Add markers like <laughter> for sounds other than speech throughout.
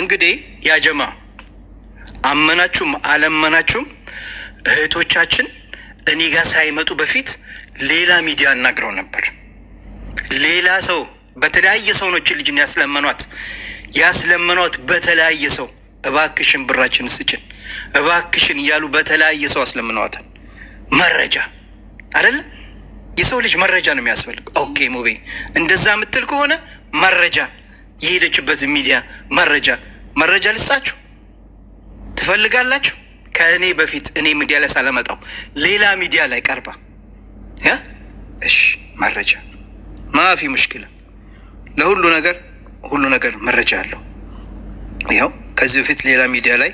እንግዲህ ያጀማ አመናችሁም አለመናችሁም እህቶቻችን እኔ ጋር ሳይመጡ በፊት ሌላ ሚዲያ አናግረው ነበር። ሌላ ሰው በተለያየ ሰው ነች ልጅን ያስለመኗት ያስለመኗት በተለያየ ሰው እባክሽን ብራችን ስጭን እባክሽን እያሉ በተለያየ ሰው አስለምነዋታል። መረጃ አይደለ የሰው ልጅ መረጃ ነው የሚያስፈልግ። ኦኬ ሙቤ እንደዛ የምትል ከሆነ መረጃ የሄደችበት ሚዲያ መረጃ መረጃ ልስጣችሁ ትፈልጋላችሁ? ከእኔ በፊት እኔ ሚዲያ ላይ ሳለመጣው ሌላ ሚዲያ ላይ ቀርባ እሺ፣ መረጃ ማፊ ሙሽኪላ ለሁሉ ነገር ሁሉ ነገር መረጃ አለው። ይኸው ከዚህ በፊት ሌላ ሚዲያ ላይ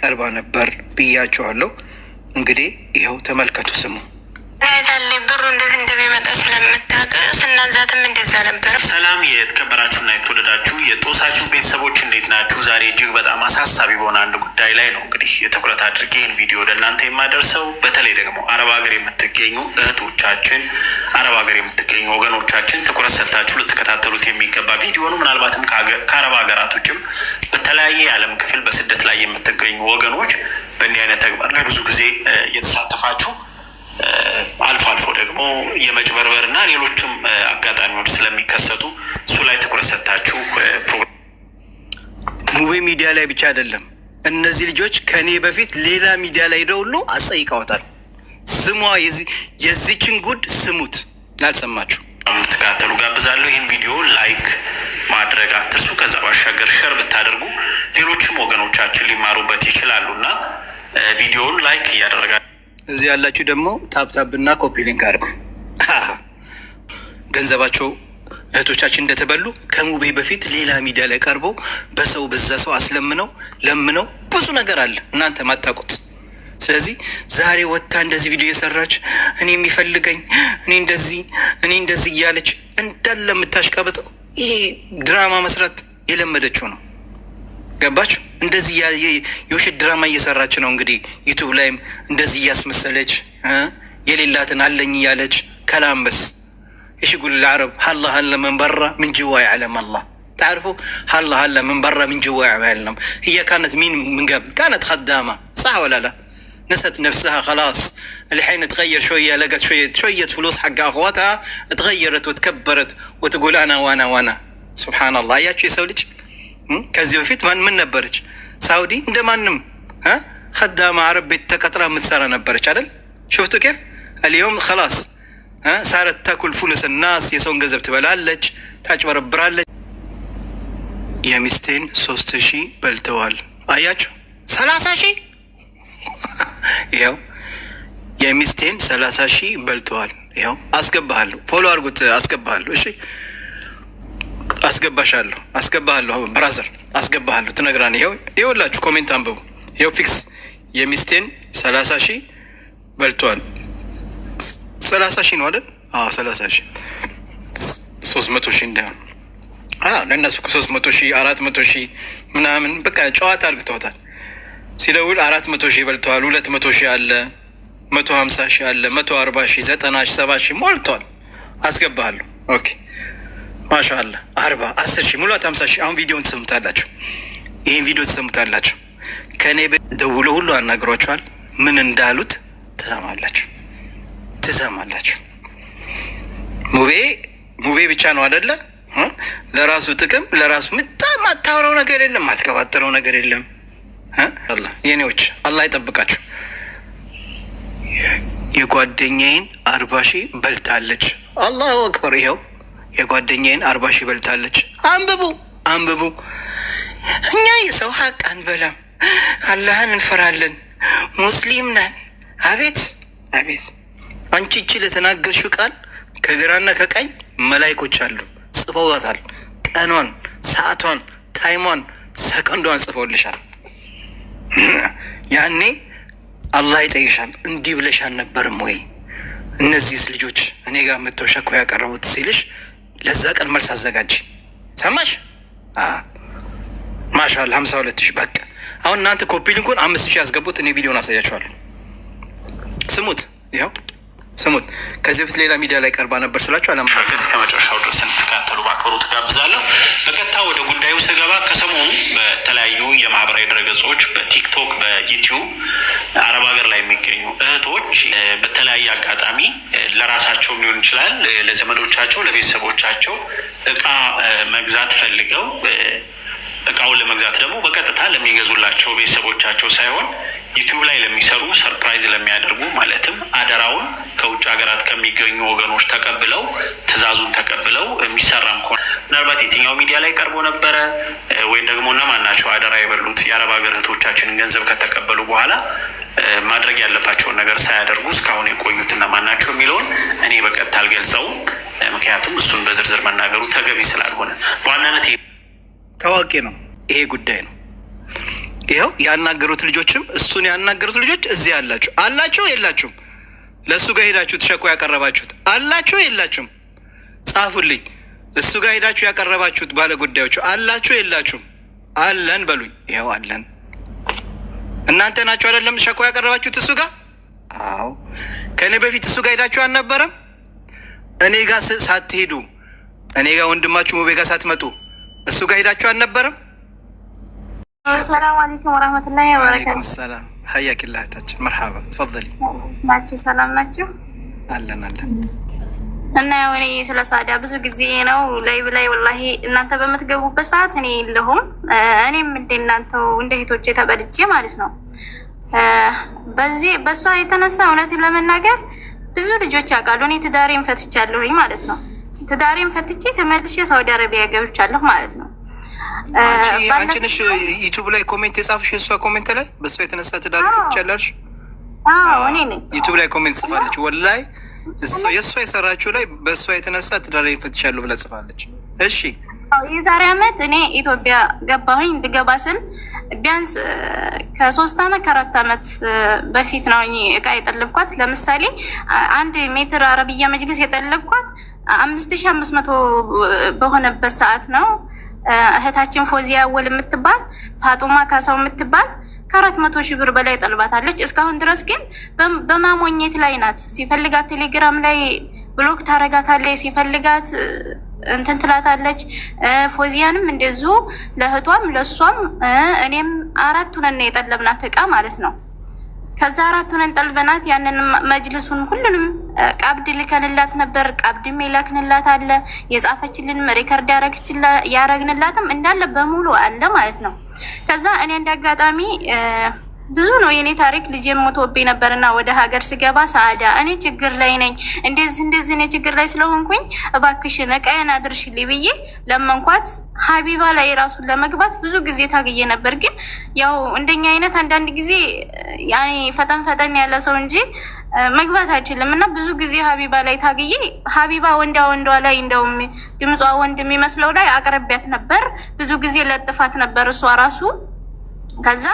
ቀርባ ነበር ብያቸዋለሁ። እንግዲህ ይኸው ተመልከቱ፣ ስሙ። አይታለች ብሩ እንዴት እንደሚመጣ ስለምታውቅ ስናዛትም እንደዛ ነበር። ሰላም የተከበራችሁና የተወደዳችሁ የጦሳችሁ ቤተሰቦች እንዴት ናችሁ? ዛሬ እጅግ በጣም አሳሳቢ በሆነ አንድ ጉዳይ ላይ ነው እንግዲህ የትኩረት አድርጌ ይህን ቪዲዮ ወደ እናንተ የማደርሰው በተለይ ደግሞ አረብ ሀገር የምትገኙ እህቶቻችን፣ አረብ ሀገር የምትገኙ ወገኖቻችን ትኩረት ሰጥታችሁ ልትከታተሉት የሚገባ ቪዲዮ ነው። ምናልባትም ከአረብ ሀገራቶችም በተለያየ የዓለም ክፍል በስደት ላይ የምትገኙ ወገኖች በእንዲህ አይነት ተግባር ላይ ብዙ ጊዜ እየተሳተፋችሁ አልፎ አልፎ ደግሞ የመጭበርበር እና ሌሎችም አጋጣሚዎች ስለሚከሰቱ እሱ ላይ ትኩረት ሰጥታችሁ ሙቤ ሚዲያ ላይ ብቻ አይደለም። እነዚህ ልጆች ከእኔ በፊት ሌላ ሚዲያ ላይ ሄደው ሁሉ አስጠይቀውታል። ስሟ የዚችን ጉድ ስሙት ላልሰማችሁ የምትካተሉ ጋብዛለሁ። ይህን ቪዲዮ ላይክ ማድረግ አትርሱ። ከዛ ባሻገር ሸር ብታደርጉ ሌሎችም ወገኖቻችን ሊማሩበት ይችላሉ እና ቪዲዮውን ላይክ እያደረጋል እዚህ ያላችሁ ደግሞ ታብታብ እና ኮፒ ሊንክ አድርጉ። ገንዘባቸው እህቶቻችን እንደተበሉ ከሙቤ በፊት ሌላ ሚዲያ ላይ ቀርቦ በሰው በዛ ሰው አስለምነው ለምነው ብዙ ነገር አለ እናንተ ማታውቁት። ስለዚህ ዛሬ ወጥታ እንደዚህ ቪዲዮ የሰራች እኔ የሚፈልገኝ እኔ እንደዚህ እኔ እንደዚህ እያለች እንዳለ የምታሽቀብጠው ይሄ ድራማ መስራት የለመደችው ነው። ገባችሁ? እንደዚህ የውሸት ድራማ እየሰራች ነው። እንግዲህ ዩቱብ ላይም እንደዚህ እያስመሰለች የሌላትን አለኝ كلام بس ايش يقول العرب هلا هلا من برا من جوا يعلم الله تعرفوا هلا هلا من برا من جوا يعلم هي كانت مين من قبل كانت خدامة صح ولا لا نست نفسها خلاص الحين تغير شوية لقت شوية شوية فلوس حق أخواتها تغيرت وتكبرت وتقول أنا وأنا وأنا سبحان الله يا شي سولج ከዚህ በፊት ምን ነበረች? ሳውዲ እንደ ማንም ከዳማ አረብ ቤት ተቀጥራ የምትሰራ ነበረች አይደል? ሽፍቱ ኬፍ አልየውም ከላስ ሳረት ተኩል ፉልስ ናስ የሰውን ገንዘብ ትበላለች፣ ታጭበረብራለች። የሚስቴን ሶስት ሺህ በልተዋል። አያችሁ ሰላሳ ሺህ <laughs> ይኸው የሚስቴን ሰላሳ ሺህ በልተዋል። ይኸው አስገባሃለሁ፣ ፎሎ አድርጉት፣ አስገባሃለሁ። እሺ አስገባሻለሁ፣ አስገባሃለሁ፣ ብራዘር አስገባሃለሁ። ትነግራን ይኸው ይኸውላችሁ፣ ኮሜንት አንብቡ። ይኸው ፊክስ የሚስቴን ሰላሳ ሺህ በልቷል። ሰላሳ ሺህ ነው አይደል? አዎ ሰላሳ ሺህ ሶስት መቶ ሺህ እንዳይሆን ለእነሱ ሶስት መቶ ሺህ አራት መቶ ሺህ ምናምን በቃ ጨዋታ አድርግተውታል። ሲደውል አራት መቶ ሺህ በልተዋል። ሁለት መቶ ሺህ አለ፣ መቶ ሀምሳ ሺህ አለ፣ መቶ አርባ ሺህ ዘጠና ሺህ ሰባ ሺህ ሞልተዋል። አስገባሃለሁ ኦኬ ማሻአላ አርባ አስር ሺህ ሙላት ሀምሳ ሺህ አሁን ቪዲዮን ትሰሙታላችሁ። ይህን ቪዲዮ ትሰሙታላችሁ። ከእኔ ደውሎ ሁሉ አናግሯቸዋል። ምን እንዳሉት ትሰማላችሁ ትሰማላችሁ። ሙቤ ሙቤ ብቻ ነው አደለ? ለራሱ ጥቅም ለራሱ ምጣም አታውረው ነገር የለም አትቀባጥረው ነገር የለም። የኔዎች አላህ ይጠብቃችሁ። የጓደኛዬን አርባ ሺህ በልታለች። አላሁ አክበር ይኸው የጓደኛዬን አርባ ሺህ በልታለች። አንብቡ አንብቡ። እኛ የሰው ሀቅ አንበላም፣ አላህን እንፈራለን፣ ሙስሊም ነን። አቤት አቤት! አንቺ እቺ ለተናገርሽው ቃል ከግራና ከቀኝ መላይኮች አሉ፣ ጽፈውታል። ቀኗን፣ ሰዓቷን፣ ታይሟን፣ ሰከንዷን ጽፈውልሻል። ያኔ አላህ ይጠይሻል፣ እንዲህ ብለሽ አልነበርም ወይ? እነዚህስ ልጆች እኔ ጋር መጥተው ሸኮ ያቀረቡት ሲልሽ ለዛ ቀን መልስ አዘጋጅ። ሰማሽ? ማሻል ሀምሳ ሁለት ሺ በቃ አሁን እናንተ ኮፒ ሊንኩን አምስት ሺህ ያስገቡት። እኔ ቪዲዮን አሳያችኋለሁ። ስሙት፣ ያው ስሙት ከዚህ በፊት ሌላ ሚዲያ ላይ ቀርባ ነበር ስላቸው አላማ ከመጨረሻው ድረስ እንድትከታተሉ በአክብሮት ጋብዛለሁ። በቀጥታ ወደ ጉዳዩ ስገባ ከሰሞኑ በተለያዩ የማህበራዊ ድረገጾች በቲክቶክ፣ በዩቲዩብ አረብ ሀገር ላይ የሚገኙ እህቶች በተለያየ አጋጣሚ ለራሳቸው ሊሆን ይችላል ለዘመዶቻቸው፣ ለቤተሰቦቻቸው እቃ መግዛት ፈልገው እቃውን ለመግዛት ደግሞ በቀጥታ ለሚገዙላቸው ቤተሰቦቻቸው ሳይሆን ዩቲዩብ ላይ ለሚሰሩ ሰርፕራይዝ ለሚያደርጉ ማለትም አደራውን ከሌሎች ሀገራት ከሚገኙ ወገኖች ተቀብለው ትእዛዙን ተቀብለው የሚሰራም ከሆነ ምናልባት የትኛው ሚዲያ ላይ ቀርቦ ነበረ ወይም ደግሞ እነማን ናቸው አደራ የበሉት የአረብ ሀገር እህቶቻችንን ገንዘብ ከተቀበሉ በኋላ ማድረግ ያለባቸውን ነገር ሳያደርጉ እስካሁን የቆዩት እነማን ናቸው የሚለውን እኔ በቀጥታ አልገልጸውም። ምክንያቱም እሱን በዝርዝር መናገሩ ተገቢ ስላልሆነ በዋናነት ታዋቂ ነው ይሄ ጉዳይ ነው። ይኸው ያናገሩት ልጆችም እሱን ያናገሩት ልጆች እዚህ አላቸው አላችሁ የላችሁም ለእሱ ጋር ሄዳችሁ ተሸኮ ያቀረባችሁት አላችሁ የላችሁም? ጻፉልኝ። እሱ ጋር ሄዳችሁ ያቀረባችሁት ባለ ጉዳዮች አላችሁ የላችሁም? አለን በሉኝ። ይኸው አለን። እናንተ ናችሁ አይደለም ሸኮ ያቀረባችሁት እሱ ጋር? አዎ። ከእኔ በፊት እሱ ጋር ሄዳችሁ አልነበረም? እኔ ጋር ሳትሄዱ እኔ ጋር ወንድማችሁ ሙቤ ጋር ሳትመጡ እሱ ጋር ሄዳችሁ አልነበረም? ሰላም አለይኩም ወረህመቱላሂ ወበረካቱህ። ሀያቂ ላህታችን መርሃባ ትፈዘሊ ናችሁ። ሰላም ናችሁ? አለን አለን። እና ያው እኔ ስለ ሳዳ ብዙ ጊዜ ነው ላይ ላይ ወላሂ እናንተ በምትገቡበት ሰዓት እኔ የለሁም። እኔም እንደ እናንተው እንደ ሂቶች የተበልቼ ማለት ነው። በዚህ በእሷ የተነሳ እውነትን ለመናገር ብዙ ልጆች ያውቃሉ። እኔ ትዳሬን ፈትቻለሁኝ ማለት ነው። ትዳሬን ፈትቼ ተመልሼ ሳውዲ አረቢያ ገብቻለሁ ማለት ነው። አንቺ ነሽ ዩቱብ ላይ ኮሜንት የጻፍሽ? እሷ ኮሜንት ላይ በእሷ የተነሳ ትዳር ትቻላልሽ። ዩቱብ ላይ ኮሜንት ጽፋለች። ወላይ የእሷ የሰራችው ላይ በእሷ የተነሳ ትዳር ፈትቻለሁ ብላ ጽፋለች። እሺ የዛሬ አመት እኔ ኢትዮጵያ ገባሁኝ። ብገባ ስል ቢያንስ ከሶስት አመት ከአራት አመት በፊት ነው እቃ የጠለብኳት። ለምሳሌ አንድ ሜትር አረብያ መጅልስ የጠለብኳት አምስት ሺ አምስት መቶ በሆነበት ሰዓት ነው እህታችን ፎዚያ ወል የምትባል ፋጡማ ካሳው የምትባል ከአራት መቶ ሺህ ብር በላይ ጠልባታለች። እስካሁን ድረስ ግን በማሞኘት ላይ ናት። ሲፈልጋት ቴሌግራም ላይ ብሎክ ታረጋታለች፣ ሲፈልጋት እንትን ትላታለች። ፎዚያንም እንደዙ ለእህቷም ለእሷም እኔም አራቱን እና የጠለብናት እቃ ማለት ነው ከዛ አራቱን እንጠልበናት ያንን መጅልሱን ሁሉንም ቀብድ ልከንላት ነበር። ቀብድም የላክንላት አለ የጻፈችልን ሪከርድ ያረግንላትም እንዳለ በሙሉ አለ ማለት ነው። ከዛ እኔ አጋጣሚ ብዙ ነው የኔ ታሪክ። ልጅ የሞቶብኝ ነበር ወደ ሀገር ስገባ ሰአዳ፣ እኔ ችግር ላይ ነኝ፣ እንደዚህ እንደዚህ እኔ ችግር ላይ ስለሆንኩኝ እባክሽን እቃዬን አድርሽልኝ ብዬ ለመንኳት። ሀቢባ ላይ ራሱን ለመግባት ብዙ ጊዜ ታግዬ ነበር። ግን ያው እንደኛ አይነት አንዳንድ ጊዜ ፈጠን ፈጠን ያለ ሰው እንጂ መግባት አይችልም እና ብዙ ጊዜ ሀቢባ ላይ ታግዬ ሀቢባ ወንዳ ወንዷ ላይ እንደውም ድምጿ ወንድ የሚመስለው ላይ አቅርቢያት ነበር። ብዙ ጊዜ ለጥፋት ነበር እሷ ራሱ ከዛ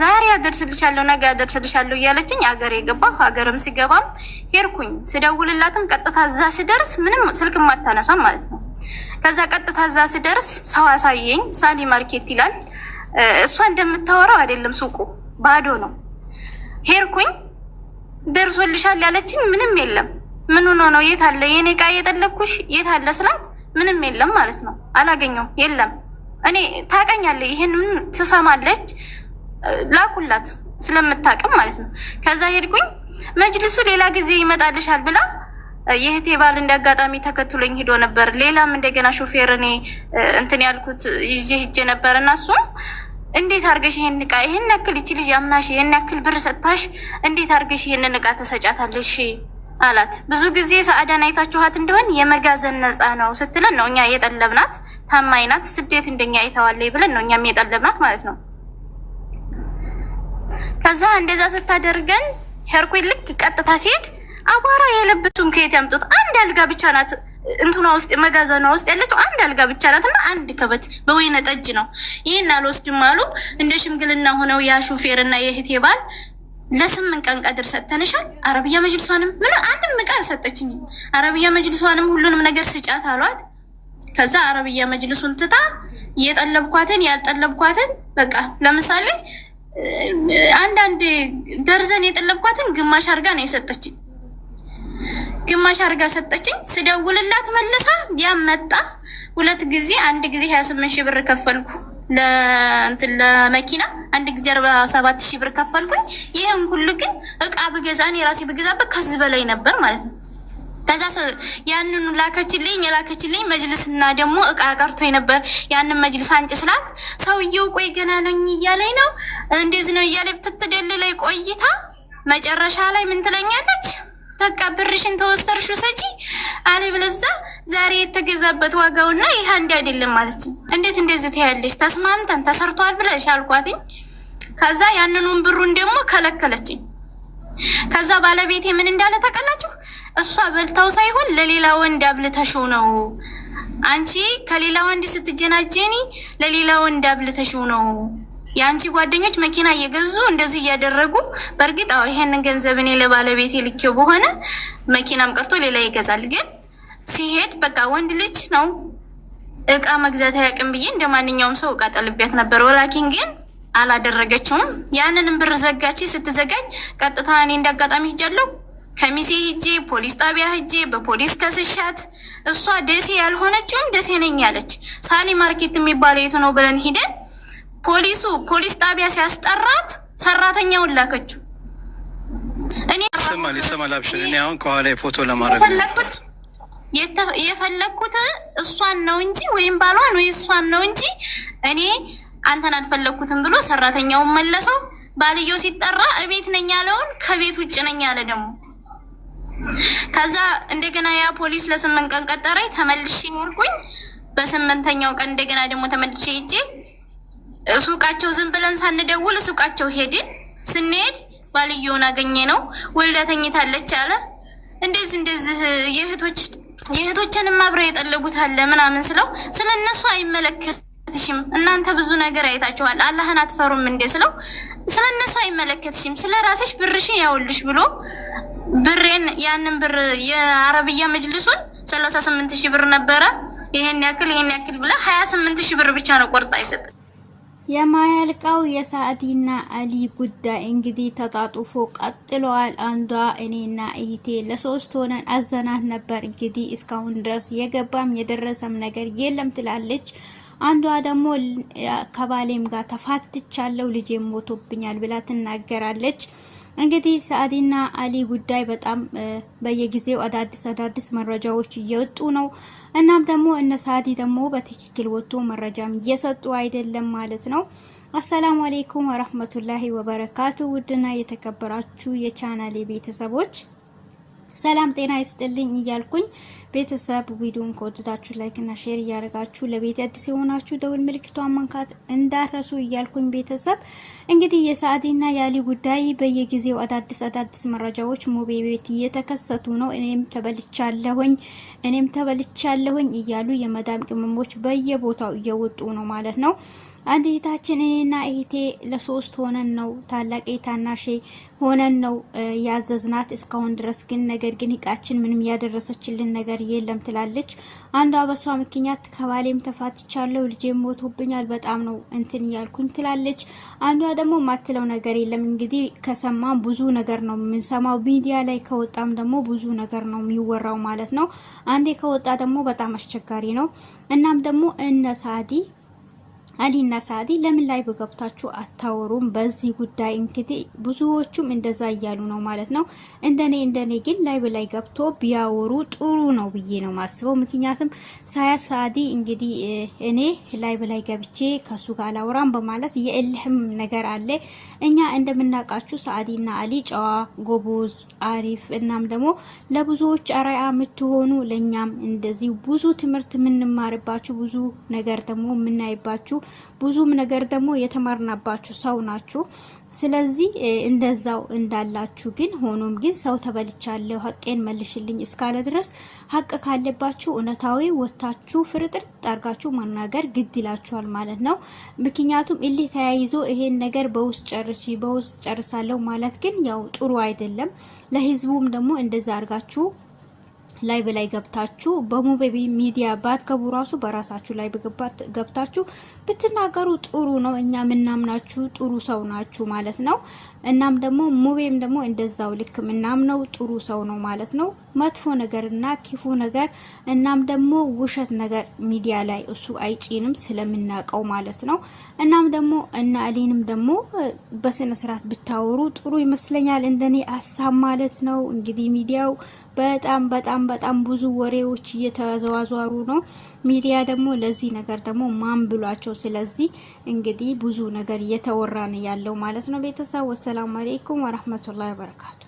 ዛሬ አደርስልሻለሁ ነገ አደርስልሻለሁ እያለችኝ ሀገር የገባሁ ሀገርም ሲገባም ሄድኩኝ። ስደውልላትም ቀጥታ እዛ ስደርስ ምንም ስልክ ማታነሳም ማለት ነው። ከዛ ቀጥታ እዛ ስደርስ ሰው አሳየኝ። ሳሊ ማርኬት ይላል። እሷ እንደምታወራው አይደለም፣ ሱቁ ባዶ ነው። ሄድኩኝ። ደርሶልሻል ያለችኝ ምንም የለም። ምን ሆኖ ነው? የት አለ የኔ ቃ እየጠለብኩሽ የት አለ ስላት ምንም የለም ማለት ነው። አላገኘው የለም እኔ ታቀኛለ ይሄንን ትሰማለች ላኩላት ስለምታቅም ማለት ነው። ከዛ ሄድኩኝ መጅልሱ ሌላ ጊዜ ይመጣልሻል ብላ የእህቴ ባል እንደ አጋጣሚ ተከትሎኝ ሂዶ ነበር። ሌላም እንደገና ሾፌር እኔ እንትን ያልኩት ይዤ ሂጄ ነበር እና እሱም እንዴት አርገሽ ይህን እቃ ይህን ያክል ይቺ ልጅ አምናሽ ያክል ብር ሰጥታሽ እንዴት አርገሽ ይህንን እቃ ተሰጫታለሽ አላት። ብዙ ጊዜ ሰአዳን አይታችኋት እንደሆን የመጋዘን ነፃ ነው ስትለን ነው እኛ የጠለብናት። ታማኝ ናት፣ ስደት እንደኛ አይተዋለይ ብለን ነው እኛም የጠለብናት ማለት ነው። ከዛ እንደዛ ስታደርገን ሄርኩል ልክ ቀጥታ ሲሄድ አቧራ የለበቱን ከየት ያምጡት? አንድ አልጋ ብቻ ናት እንትኗ ውስጥ መጋዘኗ ውስጥ ያለችው አንድ አልጋ ብቻ ናት እና አንድ ከበት በወይነ ጠጅ ነው። ይህን አልወስድም አሉ። እንደ ሽምግልና ሆነው ያ ሹፌር እና የህቴ ባል ለስምንት ቀን ቀድር ሰጥተንሻል። አረብያ መጅልሷንም ምን አንድም ዕቃ አልሰጠችኝም። አረብያ መጅልሷንም ሁሉንም ነገር ስጫት አሏት። ከዛ አረብያ መጅልሱን ትታ የጠለብኳትን ያልጠለብኳትን በቃ ለምሳሌ አንዳንድ ደርዘን የጠለብኳትን ግማሽ አርጋ ነው የሰጠችኝ። ግማሽ አርጋ ሰጠችኝ። ስደውልላት መልሳ ያመጣ ሁለት ጊዜ አንድ ጊዜ ሀያ ስምንት ሺህ ብር ከፈልኩ። ለእንትን ለመኪና አንድ ጊዜ አርባ ሰባት ሺህ ብር ከፈልኩኝ። ይህን ሁሉ ግን እቃ ብገዛ እኔ ራሴ ብገዛበት ከዚህ በላይ ነበር ማለት ነው። ከዛ ያንኑ ላከችልኝ የላከችልኝ መጅልስና ደግሞ እቃ ቀርቶ ነበር። ያንን መጅልስ አንጭ ስላት ሰውየው ቆይ ገና ነኝ እያለኝ ነው እንደዚህ ነው እያለ ብትትደል ላይ ቆይታ መጨረሻ ላይ ምን ትለኛለች? በቃ ብርሽን ተወሰርሹ ሰጪ አለ ብለዛ ዛሬ የተገዛበት ዋጋውና ይህ አንድ አይደለም ማለት ነው። እንዴት እንደዚህ ትያለሽ? ተስማምተን ተሰርቷል ብለሽ አልኳትኝ። ከዛ ያንኑን ብሩን ደግሞ ከለከለችኝ። ከዛ ባለቤቴ ምን እንዳለ ታውቃላችሁ? እሷ በልተው ሳይሆን ለሌላ ወንድ አብልተሽው ነው አንቺ ከሌላ ወንድ ስትጀናጀኒ ለሌላ ወንድ አብልተሽው ነው የአንቺ ጓደኞች መኪና እየገዙ እንደዚህ እያደረጉ። በእርግጥ አዎ ይሄንን ገንዘብ እኔ ለባለቤቴ ልኬው በሆነ መኪናም ቀርቶ ሌላ ይገዛል ግን ሲሄድ በቃ ወንድ ልጅ ነው እቃ መግዛት አያውቅም ብዬ እንደ ማንኛውም ሰው እቃ ጠልቤያት ነበር። ወላኪን ግን አላደረገችውም። ያንንም ብር ዘጋች። ስትዘጋጅ ቀጥታ እኔ እንዳጋጣሚ ሂጃለሁ። ከሚሴ ሂጄ ፖሊስ ጣቢያ ሂጄ በፖሊስ ከስሻት፣ እሷ ደሴ ያልሆነችውም ደሴ ነኝ ያለች ሳሊ ማርኬት የሚባለው የቱ ነው ብለን ሂደን ፖሊሱ ፖሊስ ጣቢያ ሲያስጠራት ሰራተኛውን ላከችው። እኔ ይሰማል ይሰማል። አብሽን እኔ አሁን ከኋላ የፎቶ ለማድረግ ነው የፈለግኩት እሷን ነው እንጂ ወይም ባሏን ወይ እሷን ነው እንጂ እኔ አንተን አልፈለግኩትም ብሎ ሰራተኛውን መለሰው። ባልየው ሲጠራ እቤት ነኝ ያለውን ከቤት ውጭ ነኝ ያለ ደግሞ ከዛ እንደገና ያ ፖሊስ ለስምንት ቀን ቀጠረኝ። ተመልሼ ወርቁኝ በስምንተኛው ቀን እንደገና ደግሞ ተመልሼ ሄጄ ሱቃቸው ዝም ብለን ሳንደውል ሱቃቸው ሄድን። ስንሄድ ባልየውን አገኘ ነው ወልዳ ተኝታለች አለ። እንደዚህ እንደዚህ የእህቶች የእህቶችንም አብረው የጠለጉት አለ ምናምን ስለው ስለ እነሱ አይመለከትሽም፣ እናንተ ብዙ ነገር አይታችኋል፣ አላህን አትፈሩም እንዴ ስለው ስለ እነሱ አይመለከትሽም፣ ስለ ራስሽ ብርሽን ያውልሽ ብሎ ብሬን ያንን ብር የአረብያ መጅልሱን ሰላሳ ስምንት ሺህ ብር ነበረ። ይሄን ያክል ይሄን ያክል ብለ ሀያ ስምንት ሺህ ብር ብቻ ነው ቆርጣ አይሰጥም። የማያልቀው የሳዕዲና አሊ ጉዳይ እንግዲህ ተጣጡፎ ቀጥለዋል። አንዷ እኔና እህቴ ለሶስት ሆነን አዘናት ነበር። እንግዲህ እስካሁን ድረስ የገባም የደረሰም ነገር የለም ትላለች። አንዷ ደግሞ ከባሌም ጋር ተፋትቻለሁ ልጄ ሞቶብኛል ብላ ትናገራለች። እንግዲህ ሰአዲና አሊ ጉዳይ በጣም በየጊዜው አዳዲስ አዳዲስ መረጃዎች እየወጡ ነው። እናም ደግሞ እነ ሰአዲ ደግሞ በትክክል ወጥቶ መረጃም እየሰጡ አይደለም ማለት ነው። አሰላሙ አሌይኩም ወረህመቱላሂ ወበረካቱ ውድና የተከበራችሁ የቻናሌ ቤተሰቦች ሰላም ጤና ይስጥልኝ እያልኩኝ ቤተሰብ ቪዲዮን ከወደዳችሁ ላይክ እና ሼር እያደረጋችሁ ለቤት አዲስ የሆናችሁ ደውል ምልክቷን መንካት እንዳረሱ እያልኩኝ ቤተሰብ እንግዲህ የሰአዲና የአሊ ጉዳይ በየጊዜው አዳዲስ አዳዲስ መረጃዎች ሙቤ ቤት እየተከሰቱ ነው። እኔም ተበልቻለሁኝ እኔም ተበልቻለሁኝ እያሉ የመዳም ቅመሞች በየቦታው እየወጡ ነው ማለት ነው። አንድ እህታችን እኔና እህቴ ለሶስት ሆነን ነው ታላቅ ታናሽ ሆነን ነው ያዘዝናት እስካሁን ድረስ ግን ነገር ግን እቃችን ምንም ያደረሰችልን ነገር የለም ትላለች። አንዷ በሷ ምክንያት ከባሌም ተፋትቻለሁ፣ ልጄም ሞቶብኛል፣ በጣም ነው እንትን እያልኩኝ ትላለች። አንዷ ደግሞ ማትለው ነገር የለም። እንግዲህ ከሰማም ብዙ ነገር ነው የምንሰማው፣ ሚዲያ ላይ ከወጣም ደግሞ ብዙ ነገር ነው የሚወራው ማለት ነው። አንዴ ከወጣ ደግሞ በጣም አስቸጋሪ ነው። እናም ደግሞ እነ ሳዲ አሊና ሳዲ ለምን ላይ በገብታችሁ አታወሩም? በዚህ ጉዳይ እንግዲህ ብዙዎቹም እንደዛ እያሉ ነው ማለት ነው። እንደኔ እንደኔ ግን ላይ በላይ ገብቶ ቢያወሩ ጥሩ ነው ብዬ ነው ማስበው። ምክንያቱም ሳያ ሳዲ እንግዲህ እኔ ላይ በላይ ገብቼ ከሱ ጋር አላወራም በማለት የእልህም ነገር አለ። እኛ እንደምናውቃችሁ ሳዲና አሊ ጨዋ፣ ጎቦዝ አሪፍ እናም ደግሞ ለብዙዎች አርአያ የምትሆኑ ለእኛም እንደዚህ ብዙ ትምህርት የምንማርባችሁ ብዙ ነገር ደግሞ የምናይባችሁ ብዙም ነገር ደግሞ የተማርናባችሁ ሰው ናችሁ። ስለዚህ እንደዛው እንዳላችሁ ግን ሆኖም ግን ሰው ተበልቻለሁ ሀቄን መልሽልኝ እስካለ ድረስ ሀቅ ካለባችሁ እውነታዊ ወታችሁ ፍርጥር ጠርጋችሁ መናገር ግድ ይላችኋል ማለት ነው። ምክንያቱም እልህ ተያይዞ ይሄን ነገር በውስጥ ጨርሺ በውስጥ ጨርሳለሁ ማለት ግን ያው ጥሩ አይደለም። ለህዝቡም ደግሞ እንደዛ አርጋችሁ ላይ በላይ ገብታችሁ በሙቤ ሚዲያ ባትገቡ ራሱ በራሳችሁ ላይ ገብታችሁ ብትናገሩ ጥሩ ነው። እኛ ምናምናችሁ ጥሩ ሰው ናችሁ ማለት ነው። እናም ደግሞ ሙቤም ደግሞ እንደዛው ልክ ምናምነው ጥሩ ሰው ነው ማለት ነው። መጥፎ ነገርና ክፉ ነገር እናም ደግሞ ውሸት ነገር ሚዲያ ላይ እሱ አይጭንም ስለምናቀው ማለት ነው። እናም ደግሞ እና አሊንም ደግሞ በስነ ስርዓት ብታወሩ ጥሩ ይመስለኛል እንደኔ አሳብ ማለት ነው። እንግዲህ ሚዲያው በጣም በጣም በጣም ብዙ ወሬዎች እየተዘዋዘሩ ነው። ሚዲያ ደግሞ ለዚህ ነገር ደግሞ ማን ብሏቸው። ስለዚህ እንግዲህ ብዙ ነገር እየተወራ ነው ያለው ማለት ነው። ቤተሰብ ወሰላሙ አሌይኩም ወረህመቱላሂ ወበረካቱ